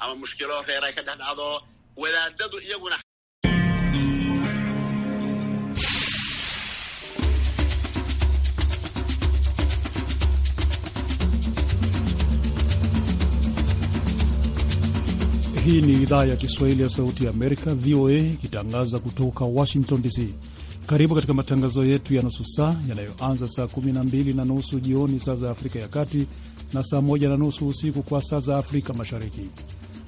ama mushkilo reer ay ka dhex dhacdo wadaadadu iyaguna Hii ni idhaa ya Kiswahili ya Sauti ya Amerika, VOA, ikitangaza kutoka Washington DC. Karibu katika matangazo yetu ya nusu saa yanayoanza saa 12 na nusu jioni saa za Afrika ya Kati na saa 1 na nusu usiku kwa saa za Afrika Mashariki.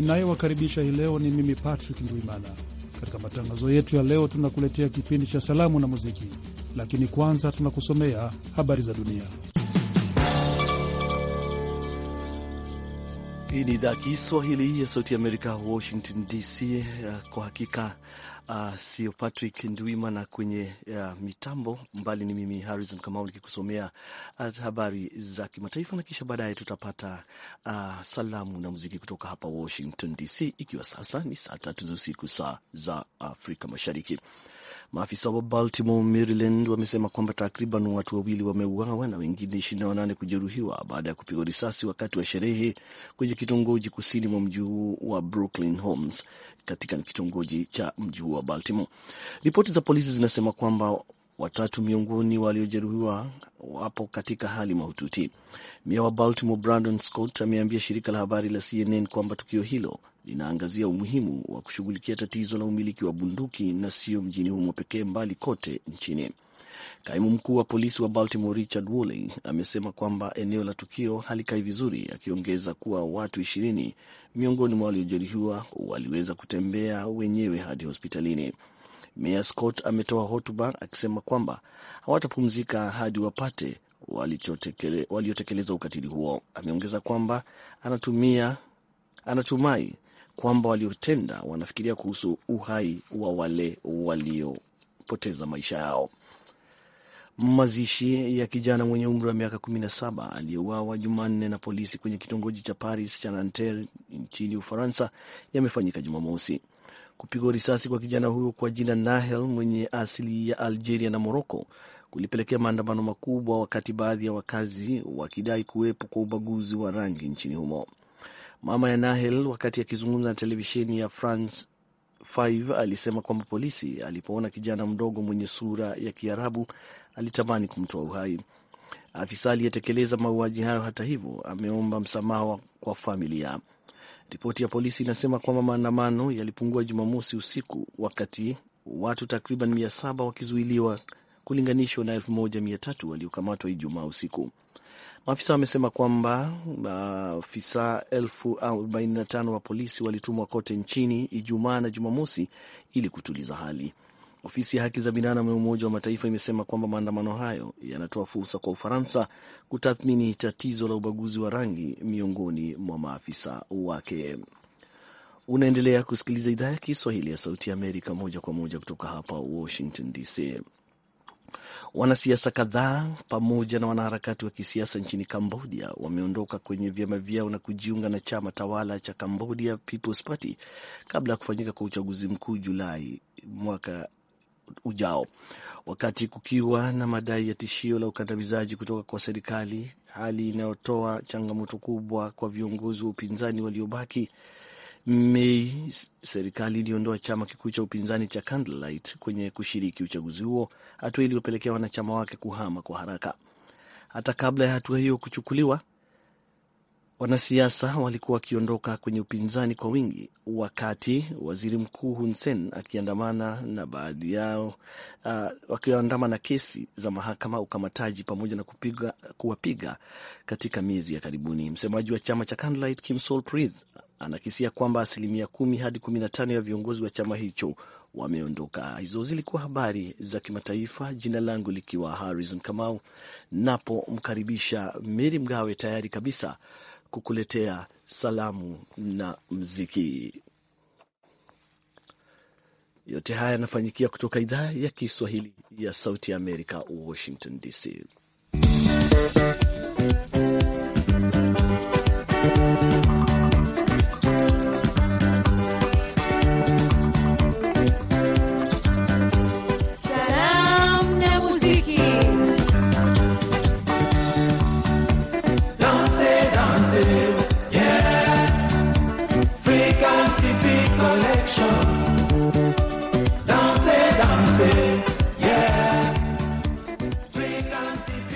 ninayewakaribisha hii leo ni mimi Patrick Ndwimana. Katika matangazo yetu ya leo, tunakuletea kipindi cha salamu na muziki, lakini kwanza tunakusomea habari za dunia. Hii ni idhaa Kiswahili ya Sauti ya Amerika, Washington DC. Eh, kwa hakika uh, sio Patrick Ndwimana kwenye uh, mitambo mbali, ni mimi Harrison Kamau nikikusomea uh, habari za kimataifa, na kisha baadaye tutapata uh, salamu na muziki kutoka hapa Washington DC, ikiwa sasa ni saa tatu za usiku saa za Afrika Mashariki. Maafisa wa Baltimore, Maryland wamesema kwamba takriban watu wawili wameuawa na wengine 28 kujeruhiwa baada ya kupigwa risasi wakati wa sherehe kwenye kitongoji kusini mwa mji huo wa Brooklyn Homes katika kitongoji cha mji huo wa Baltimore. Ripoti za polisi zinasema kwamba watatu miongoni waliojeruhiwa wapo katika hali mahututi. Meya wa Baltimore Brandon Scott ameambia shirika la habari la CNN kwamba tukio hilo linaangazia umuhimu wa kushughulikia tatizo la umiliki wa bunduki na sio mjini humo pekee, mbali kote nchini. Kaimu mkuu wa polisi wa Baltimore Richard Woolley amesema kwamba eneo la tukio halikai vizuri, akiongeza kuwa watu ishirini miongoni mwa waliojeruhiwa waliweza kutembea wenyewe hadi hospitalini. Meya Scott ametoa hotuba akisema kwamba hawatapumzika hadi wapate waliotekeleza ukatili huo. Ameongeza kwamba anatumia anatumai kwamba waliotenda wanafikiria kuhusu uhai wa wale waliopoteza maisha yao. Mazishi ya kijana mwenye umri wa miaka 17 aliyeuawa Jumanne na polisi kwenye kitongoji cha Paris cha Nanterre nchini Ufaransa yamefanyika Jumamosi. Kupigwa risasi kwa kijana huyo kwa jina Nahel mwenye asili ya Algeria na Moroko kulipelekea maandamano makubwa, wakati baadhi ya wakazi wakidai kuwepo kwa ubaguzi wa rangi nchini humo. Mama ya Nahel wakati akizungumza na televisheni ya France 5 alisema kwamba polisi alipoona kijana mdogo mwenye sura ya Kiarabu alitamani kumtoa uhai. Afisa aliyetekeleza mauaji hayo, hata hivyo, ameomba msamaha kwa familia. Ripoti ya polisi inasema kwamba maandamano yalipungua Jumamosi usiku wakati watu takriban mia saba wakizuiliwa kulinganishwa na elfu moja mia tatu waliokamatwa Ijumaa usiku. Maafisa wamesema kwamba maafisa uh, elfu arobaini na tano wa polisi walitumwa kote nchini Ijumaa na Jumamosi ili kutuliza hali. Ofisi ya haki za binadamu ya Umoja wa Mataifa imesema kwamba maandamano hayo yanatoa fursa kwa Ufaransa kutathmini tatizo la ubaguzi wa rangi miongoni mwa maafisa wake. Unaendelea kusikiliza idhaa ya Kiswahili ya Sauti ya Amerika moja kwa moja kutoka hapa Washington DC. Wanasiasa kadhaa pamoja na wanaharakati wa kisiasa nchini Cambodia wameondoka kwenye vyama vyao na kujiunga na chama tawala cha Cambodia People's Party kabla ya kufanyika kwa uchaguzi mkuu Julai mwaka ujao, wakati kukiwa na madai ya tishio la ukandamizaji kutoka kwa serikali, hali inayotoa changamoto kubwa kwa viongozi wa upinzani waliobaki Mei serikali iliondoa chama kikuu cha upinzani cha Candlelight kwenye kushiriki uchaguzi huo, hatua iliyopelekea wanachama wake kuhama kwa haraka. Hata kabla ya hatua hiyo kuchukuliwa, wanasiasa walikuwa wakiondoka kwenye upinzani kwa wingi, wakati waziri mkuu Hun Sen akiandamana na baadhi yao uh, wakiandama na kesi za mahakama, ukamataji pamoja na kupiga, kuwapiga katika miezi ya karibuni. Msemaji wa chama cha Candlelight anakisia kwamba asilimia kumi hadi kumi na tano ya viongozi wa chama hicho wameondoka. Hizo zilikuwa habari za kimataifa, jina langu likiwa Harrison Kamau, napo mkaribisha Meri Mgawe tayari kabisa kukuletea salamu na mziki. Yote haya yanafanyikia kutoka idhaa ya Kiswahili ya Sauti ya Amerika, Washington DC.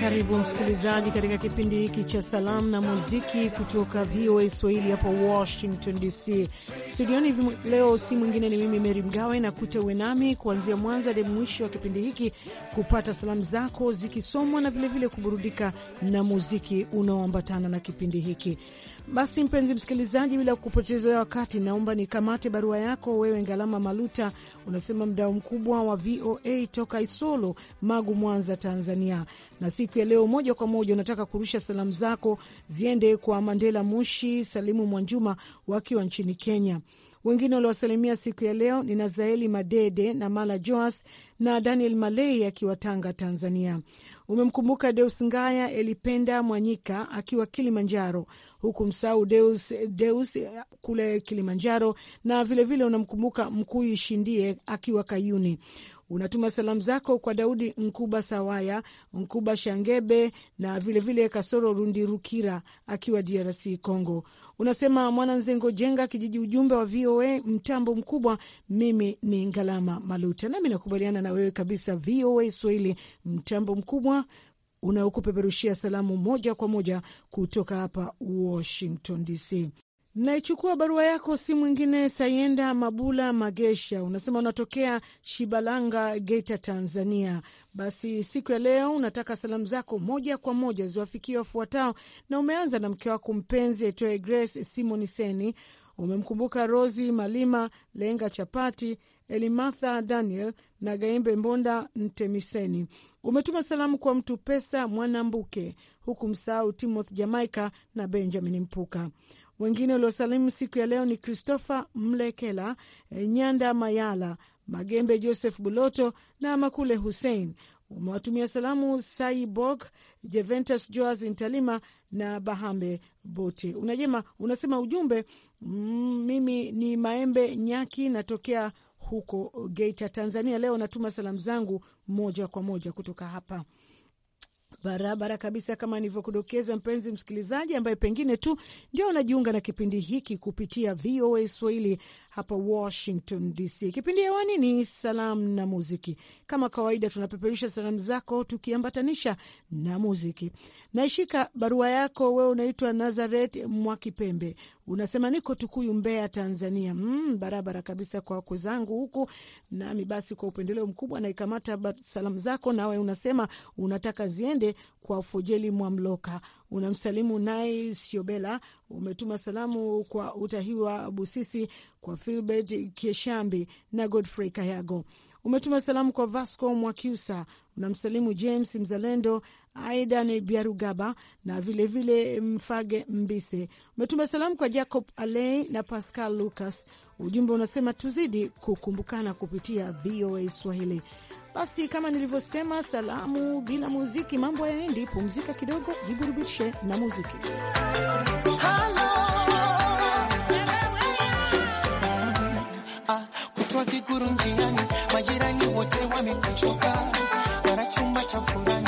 Karibu msikilizaji katika kipindi hiki cha salamu na muziki kutoka VOA Swahili hapa Washington DC. Studioni leo si mwingine ni mimi Meri Mgawe na kutewe nami kuanzia mwanzo hadi mwisho wa kipindi hiki kupata salamu zako zikisomwa na vilevile vile kuburudika na muziki unaoambatana na kipindi hiki. Basi mpenzi msikilizaji, bila kupotezea wakati, naomba nikamate barua yako. Wewe Ngalama Maluta unasema mdao mkubwa wa VOA toka Isolo, Magu, Mwanza, Tanzania, na siku ya leo moja kwa moja unataka kurusha salamu zako ziende kwa Mandela Mushi, Salimu Mwanjuma wakiwa nchini Kenya. Wengine waliwasalimia siku ya leo ni Nazaeli Madede na Mala Joas na Daniel Malei akiwa Tanga, Tanzania. Umemkumbuka Deus Ngaya Elipenda Mwanyika akiwa Kilimanjaro huku msau Deus, Deus kule Kilimanjaro, na vilevile unamkumbuka Mkuyi Shindie akiwa Kayuni. Unatuma salamu zako kwa Daudi Nkuba Sawaya, Nkuba Shangebe na vilevile vile Kasoro Rundi Rukira akiwa DRC Congo. Unasema Mwana Nzengo Jenga kijiji, ujumbe wa VOA mtambo mkubwa. Mimi ni Ngalama Maluta, nami nakubaliana na wewe kabisa. VOA Swahili mtambo mkubwa unayokupeperushia salamu moja kwa moja kutoka hapa Washington DC. Naichukua barua yako, si mwingine Sayenda Mabula Magesha. Unasema unatokea Shibalanga, Geita, Tanzania. Basi siku ya leo unataka salamu zako moja kwa moja ziwafikie wafuatao, na umeanza na mke wako mpenzi aitwaye Grace Simoniseni. Umemkumbuka Rosi Malima Lenga Chapati, Elimatha Daniel na Gaembe Mbonda Ntemiseni. Umetuma salamu kwa mtu pesa Mwanambuke, huku msahau Timothy Jamaica na Benjamin Mpuka. Wengine waliosalimu siku ya leo ni Christopher Mlekela, eh, Nyanda Mayala, Magembe Joseph Buloto na Makule Hussein. Umewatumia salamu Saibok Jeventus Joas Ntalima na Bahambe Bote. Unajema unasema ujumbe mm, mimi ni Maembe Nyaki, natokea huko Geita, Tanzania. Leo natuma salamu zangu moja kwa moja kutoka hapa barabara kabisa, kama nilivyokudokeza mpenzi msikilizaji, ambaye pengine tu ndio unajiunga na kipindi hiki kupitia VOA Swahili hapa Washington DC. Kipindi hewani ni salamu na muziki. Kama kawaida, tunapeperusha salamu zako tukiambatanisha na muziki. Naishika barua yako, wewe unaitwa Nazaret Mwakipembe, unasema niko Tukuyu, Mbeya, Tanzania. Mm, barabara kabisa kwa wako zangu huku, nami basi kwa upendeleo mkubwa naikamata salamu zako, nawe unasema unataka ziende kwa Fojeli Mwamloka unamsalimu Nai siobela umetuma salamu kwa Utahiwa Busisi, kwa Filbert Kieshambi na Godfrey Kayago. Umetuma salamu kwa Vasco Mwakiusa, unamsalimu James Mzalendo, Aidan Biarugaba na vilevile vile Mfage Mbise. Umetuma salamu kwa Jacob Alei na Pascal Lucas. Ujumbe unasema tuzidi kukumbukana kupitia VOA Swahili. Basi kama nilivyosema, salamu bila muziki mambo yaendi. Pumzika kidogo, jiburubishe na muziki. Ah, kutwa kikuru njiani, majirani wote wamekochoka, wana chumba cha furaha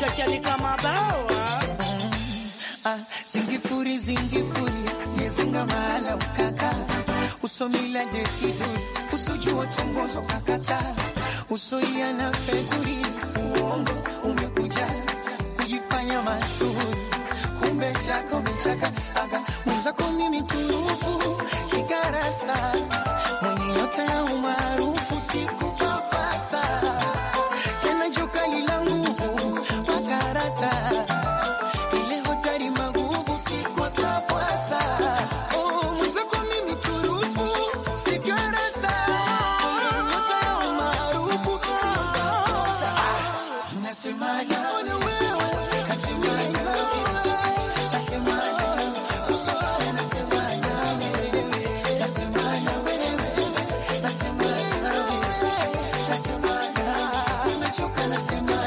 chachali kama ah, zingifuri zingifuri nezinga mahala ukaka usomila desiduri usujua tongozo kakata usoia na fekuri uongo umekuja kujifanya mashuhuri kumbe chako mechaka aga mwenzako mimi turufu sigara sana mwenye nyota ya umaarufu siku Nachoka nasema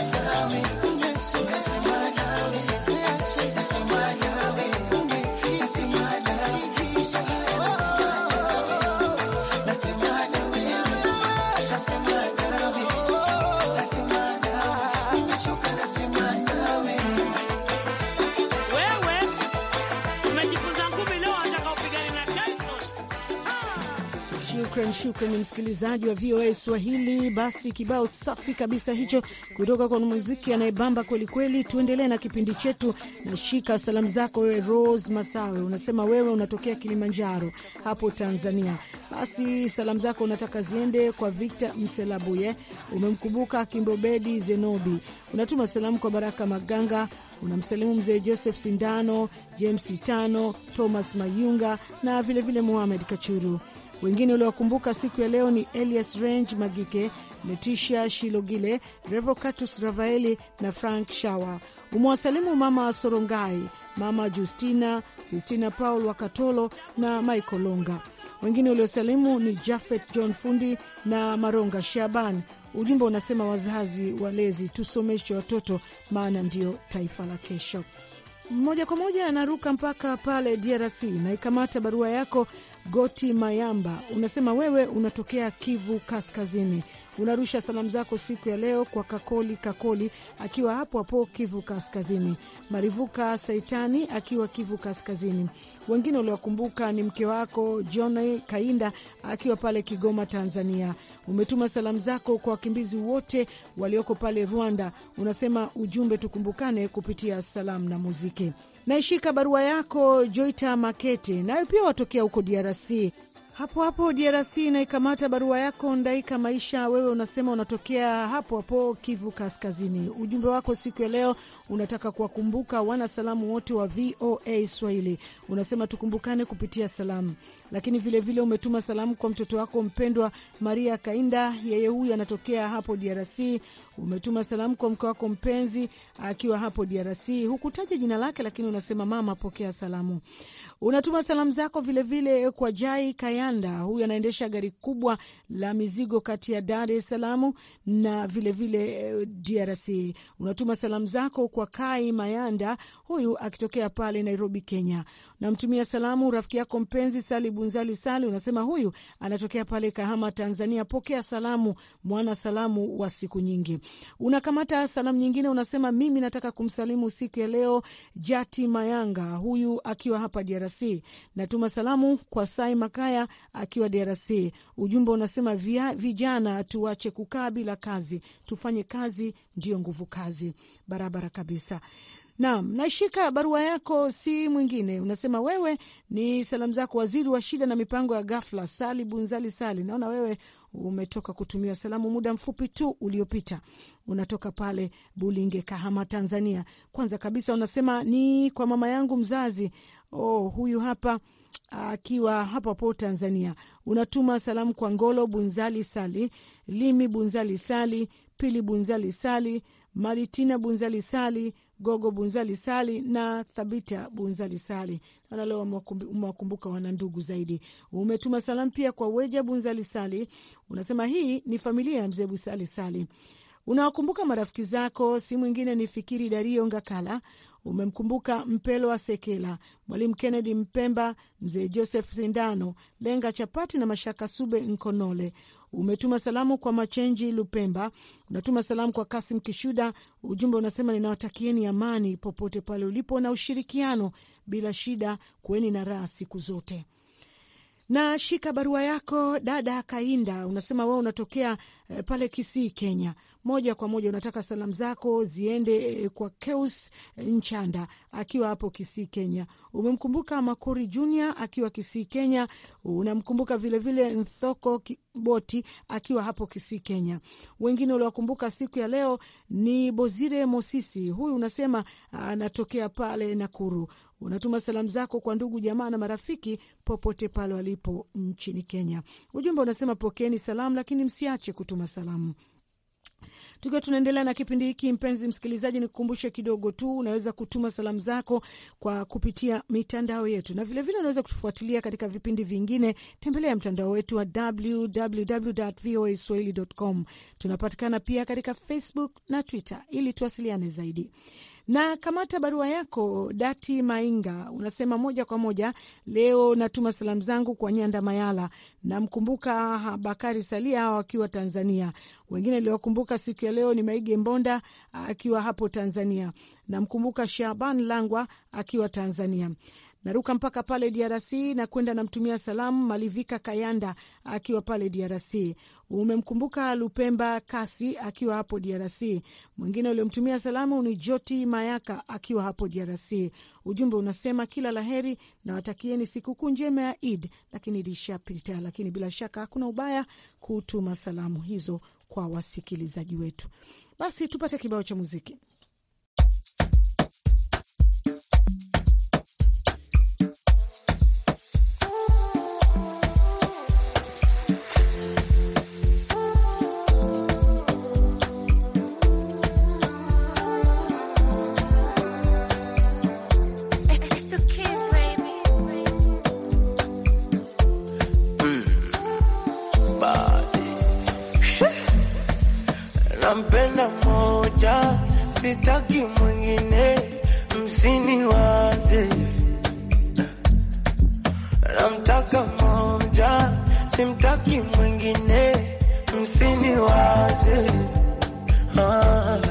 Shukrani msikilizaji wa VOA Swahili. Basi kibao safi kabisa hicho kutoka kwa muziki anayebamba kwelikweli. Tuendelee na kipindi chetu na shika salamu zako. Wewe Rose Masawe, unasema wewe unatokea Kilimanjaro hapo Tanzania. Basi salamu zako unataka ziende kwa Victor Mselabuye, umemkumbuka Kimbobedi Zenobi, unatuma salamu kwa Baraka Maganga, unamsalimu mzee Joseph Sindano, James Tano, Thomas Mayunga na vilevile Muhamed Kachuru wengine uliowakumbuka siku ya leo ni Elias Range Magike, Letisha Shilogile, Revocatus Ravaeli na Frank Shawa. Umewasalimu Mama Sorongai, Mama Justina, Sistina Paul Wakatolo na Michael Longa. Wengine uliosalimu ni Jafet John Fundi na Maronga Shaban. Ujumbe unasema wazazi walezi, tusomeshe watoto, maana ndiyo taifa la kesho. Moja kwa moja anaruka mpaka pale DRC naikamata barua yako Goti Mayamba unasema wewe unatokea Kivu Kaskazini, unarusha salamu zako siku ya leo kwa Kakoli Kakoli akiwa hapo hapo Kivu Kaskazini, Marivuka Saitani akiwa Kivu Kaskazini. Wengine uliwakumbuka ni mke wako John Kainda akiwa pale Kigoma, Tanzania. Umetuma salamu zako kwa wakimbizi wote walioko pale Rwanda. Unasema ujumbe tukumbukane kupitia salamu na muziki. Naishika barua yako Joita makete nayo pia watokea huko DRC. Hapo hapo DRC naikamata barua yako Ndaika Maisha, wewe unasema unatokea hapo hapo Kivu Kaskazini. Ujumbe wako siku ya leo unataka kuwakumbuka wanasalamu wote wa VOA Swahili, unasema tukumbukane kupitia salamu lakini vilevile vile umetuma salamu kwa mtoto wako mpendwa Maria Kainda, yeye huyu anatokea hapo DRC. Umetuma salamu kwa mke wako mpenzi akiwa hapo DRC, hukutaja jina lake, lakini unasema mama, pokea salamu. Unatuma salamu zako vilevile vile kwa Jai Kayanda, huyu anaendesha gari kubwa la mizigo kati ya Dar es Salaam na vilevile vile eh, DRC. Unatuma salamu zako kwa Kai Mayanda, huyu akitokea pale Nairobi, Kenya. Namtumia salamu rafiki yako mpenzi Salibu Bunzali Sali unasema huyu anatokea pale Kahama, Tanzania. Pokea salamu, mwana salamu wa siku nyingi. Unakamata salamu nyingine, unasema mimi nataka kumsalimu siku ya leo Jati Mayanga, huyu akiwa hapa DRC. Natuma salamu kwa Sai Makaya akiwa DRC. Ujumbe unasema via, vijana tuache kukaa bila kazi, tufanye kazi, ndiyo nguvu kazi. Barabara kabisa. Naam, nashika barua yako, si mwingine. Unasema wewe ni salamu zako waziri wa shida na mipango ya ghafla, Sali Bunzali Sali. Naona wewe umetoka kutumiwa salamu muda mfupi tu uliopita, unatoka pale Bulinge, Kahama, Tanzania. Kwanza kabisa unasema ni kwa mama yangu mzazi, oh, huyu hapa akiwa hapo po Tanzania. Unatuma salamu kwa Ngolo Bunzali Sali, Limi Bunzali Sali, Pili Bunzali Sali, Maritina Bunzali Sali, Gogo Bunzali Sali na Thabita Bunzali Sali leo umewakumbuka wana ndugu zaidi. Umetuma salamu pia kwa Weja Bunzali Sali, unasema hii ni familia ya mzee Busali Sali. Unawakumbuka marafiki zako, si mwingine ni Fikiri Dario Ngakala. Umemkumbuka Mpelo wa Sekela, Mwalimu Kennedy Mpemba, Mzee Joseph Sindano, Lenga Chapati na Mashaka Sube Nkonole. Umetuma salamu kwa Machenji Lupemba, unatuma salamu kwa Kasim Kishuda. Ujumbe unasema ninawatakieni amani popote pale ulipo na ushirikiano bila shida, kuweni na raha siku zote. Na shika barua yako dada Kainda, unasema wewe unatokea eh, pale Kisii, Kenya moja kwa moja unataka salamu zako ziende eh, kwa Keus eh, Nchanda akiwa hapo Kisii, Kenya. Umemkumbuka Makuri Junior akiwa Kisii, Kenya. Unamkumbuka vilevile Nthoko Boti akiwa hapo Kisii, Kenya. Wengine uliwakumbuka siku ya leo ni Bozire Mosisi, huyu unasema ah, anatokea pale Nakuru. Unatuma salamu zako kwa ndugu jamaa na marafiki popote pale walipo nchini Kenya. Ujumbe unasema pokeeni salamu, lakini msiache kutuma salamu. Tukiwa tunaendelea na kipindi hiki, mpenzi msikilizaji, nikukumbushe kidogo tu, unaweza kutuma salamu zako kwa kupitia mitandao yetu, na vilevile unaweza kutufuatilia katika vipindi vingine. Tembelea mtandao wetu wa www.voaswahili.com. Tunapatikana pia katika Facebook na Twitter ili tuwasiliane zaidi. Na kamata barua yako Dati Mainga, unasema moja kwa moja, leo natuma salamu zangu kwa Nyanda Mayala, namkumbuka Bakari Salia akiwa Tanzania. Wengine niliwakumbuka siku ya leo ni Maige Mbonda akiwa hapo Tanzania, namkumbuka Shaban Langwa akiwa Tanzania. Naruka mpaka pale DRC na kwenda namtumia salamu Malivika Kayanda akiwa pale DRC. Umemkumbuka Lupemba Kasi akiwa hapo DRC. Mwingine uliomtumia salamu ni Joti Mayaka akiwa hapo DRC. Ujumbe unasema kila laheri na watakieni sikukuu njema ya Id, lakini ilishapita, lakini bila shaka hakuna ubaya kutuma salamu hizo kwa wasikilizaji wetu. Basi tupate kibao cha muziki. sitaki mwingine, waze namtaka moja, simtaki mwingine, msiniwaze ah.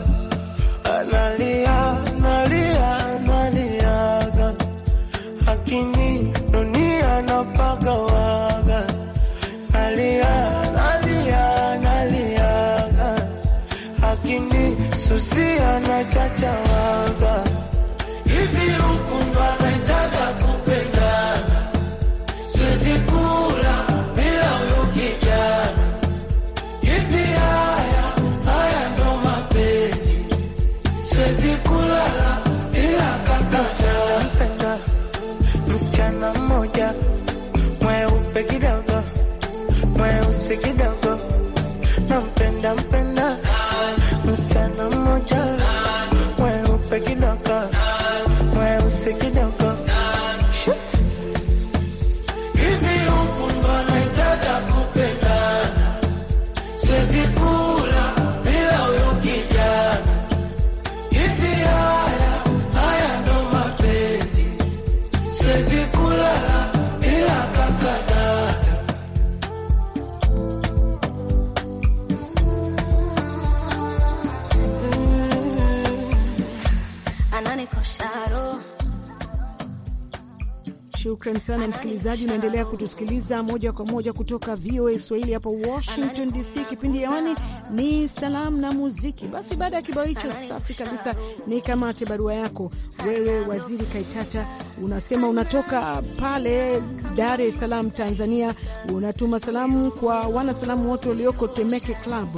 Shukran sana msikilizaji, unaendelea kutusikiliza moja kwa moja kutoka VOA Swahili hapa Washington DC. Kipindi hewani ni salamu na muziki. Basi baada ya kibao hicho safi kabisa, ni kamate barua yako wewe, Waziri Kaitata. Unasema unatoka pale Dar es Salaam, Tanzania. Unatuma salamu kwa wanasalamu wote walioko Temeke Club,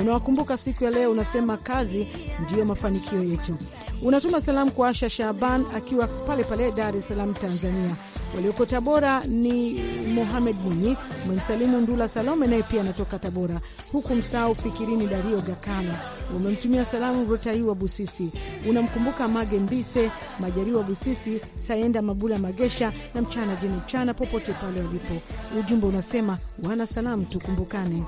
unawakumbuka siku ya leo. Unasema kazi ndiyo mafanikio yetu. Unatuma salamu kwa Asha Shaban akiwa pale pale Dar es Salaam, Tanzania. Walioko Tabora ni Mohamed Bunyi, umemsalimu Ndula Salome naye pia anatoka Tabora, huku msahau Fikirini Dario Gakala. Umemtumia salamu Rotaiwa Busisi, unamkumbuka Mage Mbise, Majariwa Busisi, Sayenda Mabula Magesha na Mchana Jeni Mchana popote pale walipo. Ujumbe unasema wana salamu tukumbukane.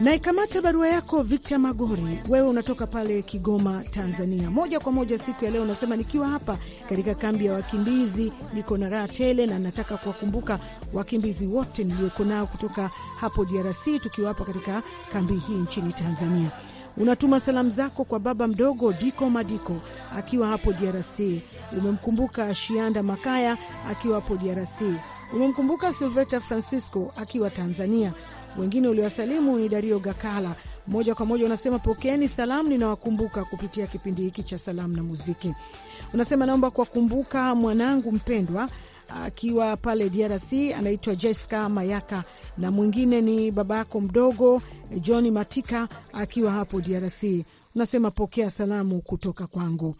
Naikamata barua yako Victor Magori, wewe unatoka pale Kigoma, Tanzania. Moja kwa moja siku ya leo unasema, nikiwa hapa katika kambi ya wakimbizi niko na raha tele, na nataka kuwakumbuka wakimbizi wote nilioko nao kutoka hapo DRC, tukiwa hapa katika kambi hii nchini Tanzania. Unatuma salamu zako kwa baba mdogo Diko Madiko akiwa hapo DRC. Umemkumbuka Shianda Makaya akiwa hapo DRC. Umemkumbuka Silveta Francisco akiwa Tanzania. Wengine uliwasalimu ni Dario Gakala moja kwa moja unasema pokeeni salamu, ninawakumbuka kupitia kipindi hiki cha salamu na muziki. Unasema naomba kuwakumbuka mwanangu mpendwa akiwa pale DRC anaitwa Jessica Mayaka, na mwingine ni baba yako mdogo johni Matika akiwa hapo DRC. Unasema pokea salamu kutoka kwangu.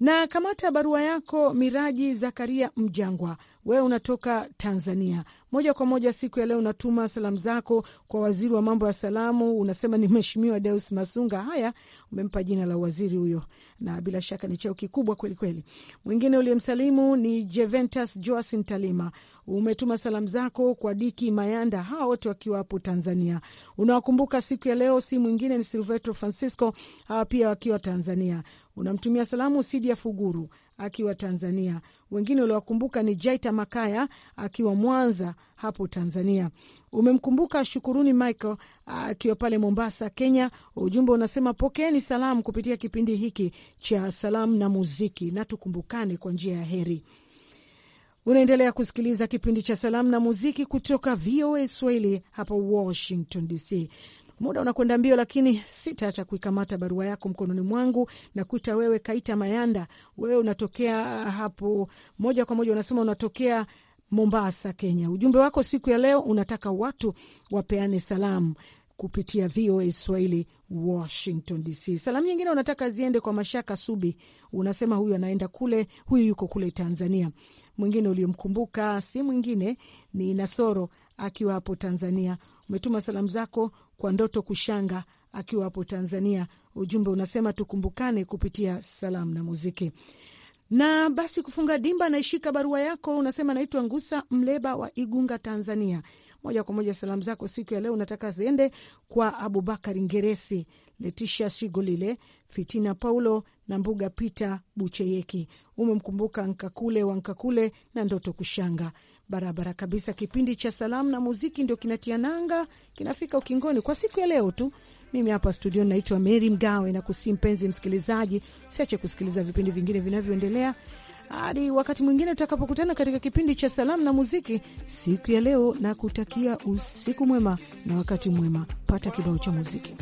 Na kamata barua yako Miraji Zakaria Mjangwa, wewe unatoka Tanzania. Moja kwa moja siku ya leo unatuma salamu zako kwa waziri wa mambo ya salamu, unasema ni Mheshimiwa Deus Masunga. Haya, umempa jina la waziri huyo, na bila shaka ni cheo kikubwa kwelikweli. Mwingine uliyemsalimu ni Jeventus Joasin Talima, umetuma salamu zako kwa Diki Mayanda, hawa wote wakiwa hapo Tanzania. Unawakumbuka siku ya leo, si mwingine ni Silveto Francisco, hawa pia wakiwa Tanzania unamtumia salamu Sidia Fuguru akiwa Tanzania. Wengine uliwakumbuka ni Jaita Makaya akiwa Mwanza hapo Tanzania. Umemkumbuka Shukuruni Michael akiwa pale Mombasa, Kenya. Ujumbe unasema pokeeni salamu kupitia kipindi hiki cha salamu na muziki, na tukumbukane kwa njia ya heri. Unaendelea kusikiliza kipindi cha salamu na muziki kutoka VOA Swahili hapa Washington DC. Muda unakwenda mbio, lakini sitaacha kuikamata barua yako mkononi mwangu na kuita wewe Kaita Mayanda. Wewe unatokea hapo moja kwa moja, unasema unatokea Mombasa, Kenya. Ujumbe wako siku ya leo unataka watu wapeane salamu kupitia VOA Swahili, Washington DC. Salamu nyingine unataka ziende kwa Mashaka Subi, unasema huyu anaenda kule, huyu yuko kule Tanzania. Mwingine uliyomkumbuka si mwingine ni Nasoro akiwa hapo Tanzania umetuma salamu zako kwa Ndoto Kushanga akiwa hapo Tanzania. Ujumbe unasema tukumbukane kupitia salamu na muziki. Na basi kufunga dimba, naishika barua yako, unasema naitwa Ngusa Mleba wa Igunga, Tanzania. Moja kwa moja salamu zako siku ya leo unataka ziende kwa Abubakar Ngeresi, Letisha Shigolile, Fitina Paulo na Mbuga Pita Bucheyeki. Umemkumbuka Nkakule wa Nkakule na Ndoto Kushanga barabara kabisa. Kipindi cha salamu na muziki ndio kinatia nanga, kinafika ukingoni kwa siku ya leo tu. Mimi hapa studio naitwa Mary Mgawe na kusi, mpenzi msikilizaji, usiache kusikiliza vipindi vingine vinavyoendelea hadi wakati mwingine tutakapokutana katika kipindi cha salamu na muziki siku ya leo, na kutakia usiku mwema na wakati mwema. Pata kibao cha muziki.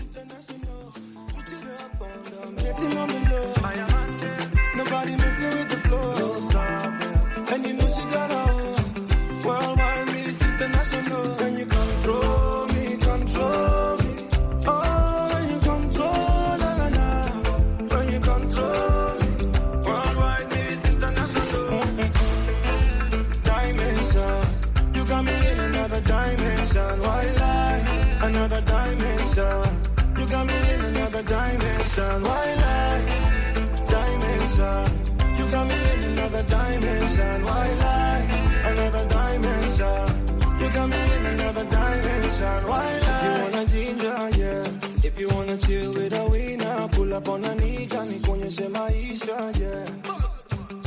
another dimension. Why lie? Another dimension. You got me in another dimension. Why lie? Dimension. You got me in another dimension. Why lie? Another dimension. You got me in another dimension. Why lie? You wanna ginger, yeah. If you wanna chill with a winner, pull up on a nigga. nika, nikuonyeshe maisha, yeah.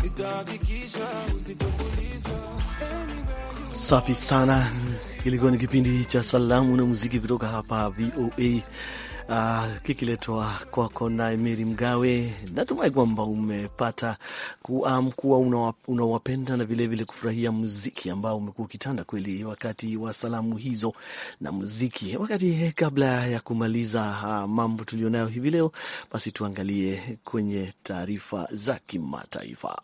Nitahakikisha usitokuliza. Anyway. Safi sana. ilikuwa ni kipindi cha salamu na muziki kutoka hapa VOA uh, ah, kikiletwa kwako naye Meri Mgawe. Natumai kwamba umepata kuam kuwa um, unawapenda una na vilevile kufurahia muziki ambao umekuwa ukitanda kweli wakati wa salamu hizo na muziki. Wakati eh, kabla ya kumaliza uh, mambo tulionayo hivi leo, basi tuangalie kwenye taarifa za kimataifa.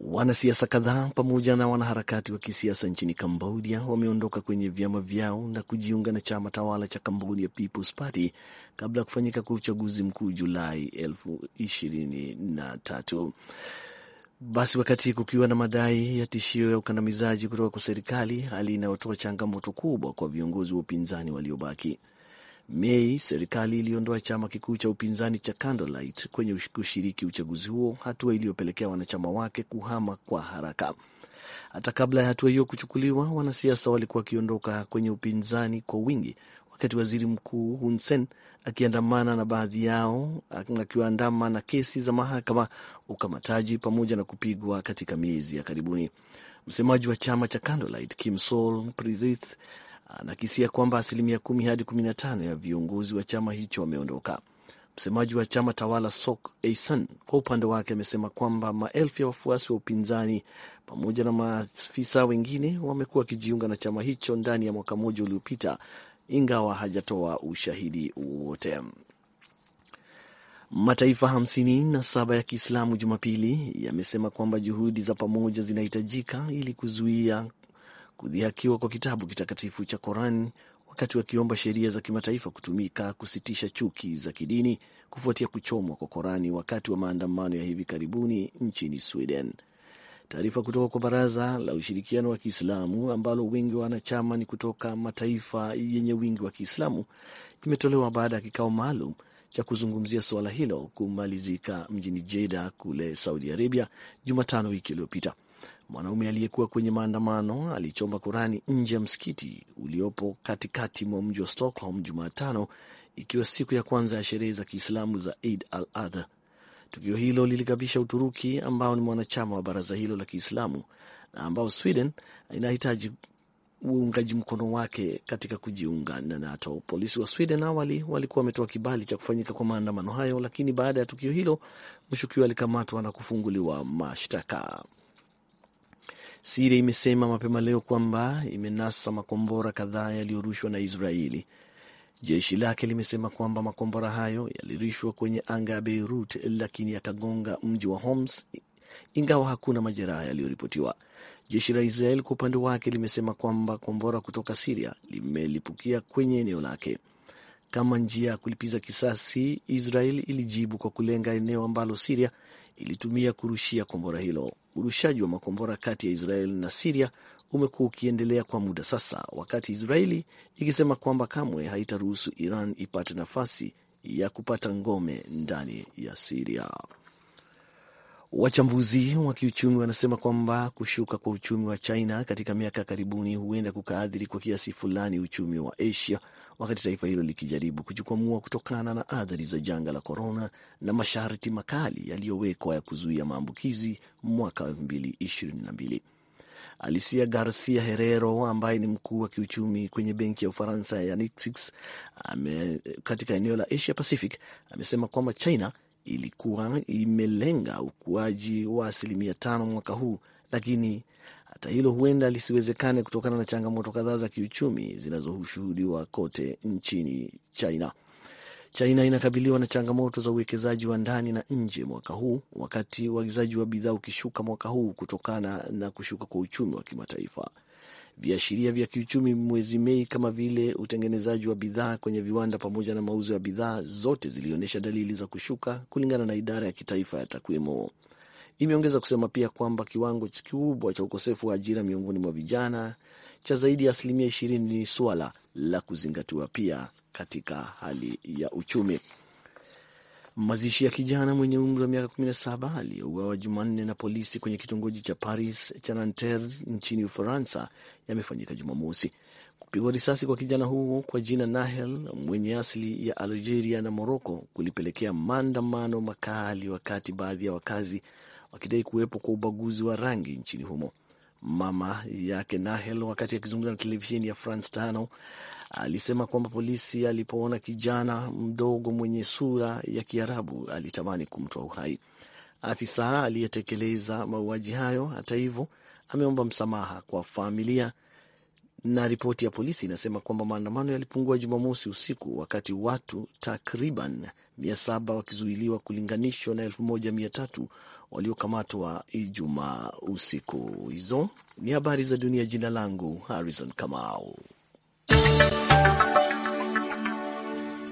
Wanasiasa kadhaa pamoja na wanaharakati wa kisiasa nchini Cambodia wameondoka kwenye vyama vyao na kujiunga na chama tawala cha Cambodia People's Party kabla ya kufanyika kwa uchaguzi mkuu Julai 2023. Basi wakati kukiwa na madai ya tishio ya ukandamizaji kutoka kwa serikali, hali inayotoa changamoto kubwa kwa viongozi wa upinzani waliobaki. Mei serikali iliondoa chama kikuu cha upinzani cha Candlelight kwenye kushiriki uchaguzi huo, hatua iliyopelekea wanachama wake kuhama kwa haraka. Hata kabla ya hatua hiyo kuchukuliwa, wanasiasa walikuwa wakiondoka kwenye upinzani kwa wingi, wakati waziri mkuu Hun Sen akiandamana na baadhi yao akiwaandama na kesi za mahakama, ukamataji pamoja na kupigwa katika miezi ya karibuni. Msemaji wa chama cha Candlelight Kim Sol Prithip anakisia kwamba asilimia kumi hadi kumi na tano ya viongozi wa chama hicho wameondoka. Msemaji wa chama tawala Sok Eisan kwa upande wake amesema kwamba maelfu ya wafuasi wa upinzani pamoja na maafisa wengine wamekuwa wakijiunga na chama hicho ndani ya mwaka mmoja uliopita, ingawa hajatoa ushahidi wowote. Mataifa hamsini na saba ya Kiislamu Jumapili yamesema kwamba juhudi za pamoja zinahitajika ili kuzuia kudhihakiwa kwa kitabu kitakatifu cha koran wakati wakiomba sheria za kimataifa kutumika kusitisha chuki za kidini kufuatia kuchomwa kwa Korani wakati wa maandamano ya hivi karibuni nchini Sweden. Taarifa kutoka kwa Baraza la Ushirikiano wa Kiislamu ambalo wengi wa wanachama ni kutoka mataifa yenye wingi wa Kiislamu imetolewa baada ya kikao maalum cha kuzungumzia suala hilo kumalizika mjini Jeda kule Saudi Arabia Jumatano wiki iliyopita. Mwanaume aliyekuwa kwenye maandamano alichoma Kurani nje ya msikiti uliopo katikati mwa mji wa Stockholm Jumatano, ikiwa siku ya kwanza ya sherehe za Kiislamu za Eid al-Adha. Tukio hilo lilikabisha Uturuki ambao ni mwanachama wa baraza hilo la Kiislamu na ambao Sweden inahitaji uungaji mkono wake katika kujiunga na NATO. Polisi wa Sweden awali walikuwa wametoa kibali cha kufanyika kwa maandamano hayo, lakini baada ya tukio hilo mshukiwa alikamatwa na kufunguliwa mashtaka. Siria imesema mapema leo kwamba imenasa makombora kadhaa yaliyorushwa na Israeli. Jeshi lake limesema kwamba makombora hayo yalirushwa kwenye anga ya Beirut, lakini yakagonga mji wa Homs, ingawa hakuna majeraha yaliyoripotiwa. Jeshi la Israel kwa upande wake limesema kwamba kombora kutoka Siria limelipukia kwenye eneo lake. Kama njia ya kulipiza kisasi, Israel ilijibu kwa kulenga eneo ambalo Siria ilitumia kurushia kombora hilo urushaji wa makombora kati ya Israeli na Siria umekuwa ukiendelea kwa muda sasa, wakati Israeli ikisema kwamba kamwe haitaruhusu Iran ipate nafasi ya kupata ngome ndani ya Siria. Wachambuzi wa kiuchumi wanasema kwamba kushuka kwa uchumi wa China katika miaka ya karibuni huenda kukaathiri kwa kiasi fulani uchumi wa Asia wakati taifa hilo likijaribu kujikwamua kutokana na athari za janga la korona na masharti makali yaliyowekwa ya kuzuia maambukizi mwaka wa mbili. Alicia Garcia Herrero ambaye ni mkuu wa kiuchumi kwenye benki ya Ufaransa ya Natixis katika eneo la Asia Pacific amesema kwamba China ilikuwa imelenga ukuaji wa asilimia tano mwaka huu, lakini hata hilo huenda lisiwezekane kutokana na changamoto kadhaa za kiuchumi zinazoshuhudiwa kote nchini China. China inakabiliwa na changamoto za uwekezaji wa ndani na nje mwaka huu, wakati uagizaji wa bidhaa ukishuka mwaka huu kutokana na kushuka kwa uchumi wa kimataifa. Viashiria vya kiuchumi mwezi Mei kama vile utengenezaji wa bidhaa kwenye viwanda pamoja na mauzo ya bidhaa zote zilionyesha dalili za kushuka, kulingana na idara ya kitaifa ya takwimu. Imeongeza kusema pia kwamba kiwango kikubwa cha ukosefu wa ajira miongoni mwa vijana cha zaidi ya asilimia ishirini ni suala la kuzingatiwa pia katika hali ya uchumi. Mazishi ya kijana mwenye umri wa miaka 17 aliyeuawa Jumanne na polisi kwenye kitongoji cha Paris cha Nanterre nchini Ufaransa yamefanyika Jumamosi. Kupigwa risasi kwa kijana huo kwa jina Nahel mwenye asili ya Algeria na Moroko kulipelekea maandamano makali, wakati baadhi ya wakazi wakidai kuwepo kwa ubaguzi wa rangi nchini humo. Mama yake Nahel, wakati akizungumza na televisheni ya France tano, alisema kwamba polisi alipoona kijana mdogo mwenye sura ya Kiarabu alitamani kumtoa uhai. Afisa aliyetekeleza mauaji hayo, hata hivyo, ameomba msamaha kwa familia na ripoti ya polisi inasema kwamba maandamano yalipungua Jumamosi usiku wakati watu takriban 7 wakizuiliwa kulinganishwa na 13 waliokamatwa Ijumaa usiku. Hizo ni habari za dunia. Jina langu Harrison Kamau,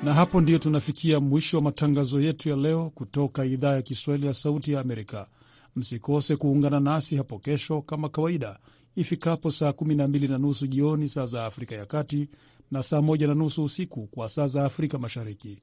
na hapo ndiyo tunafikia mwisho wa matangazo yetu ya leo kutoka idhaa ya Kiswahili ya Sauti ya Amerika. Msikose kuungana nasi hapo kesho kama kawaida ifikapo saa 12 na nusu jioni saa za Afrika ya Kati na saa 1 na nusu usiku kwa saa za Afrika Mashariki.